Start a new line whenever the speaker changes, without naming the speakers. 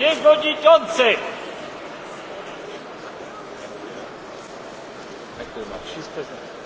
Przewodniczący!
Thank you very much. She's